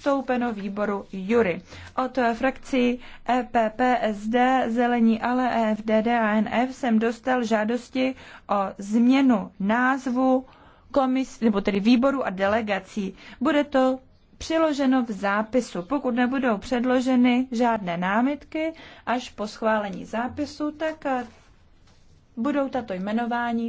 ustoupeno výboru Jury. Od frakcí EPP, SD, Zelení, ale EFDD a NF jsem dostal žádosti o změnu názvu komis, nebo tedy výboru a delegací. Bude to přiloženo v zápisu. Pokud nebudou předloženy žádné námitky až po schválení zápisu, tak eh, budou tato jmenování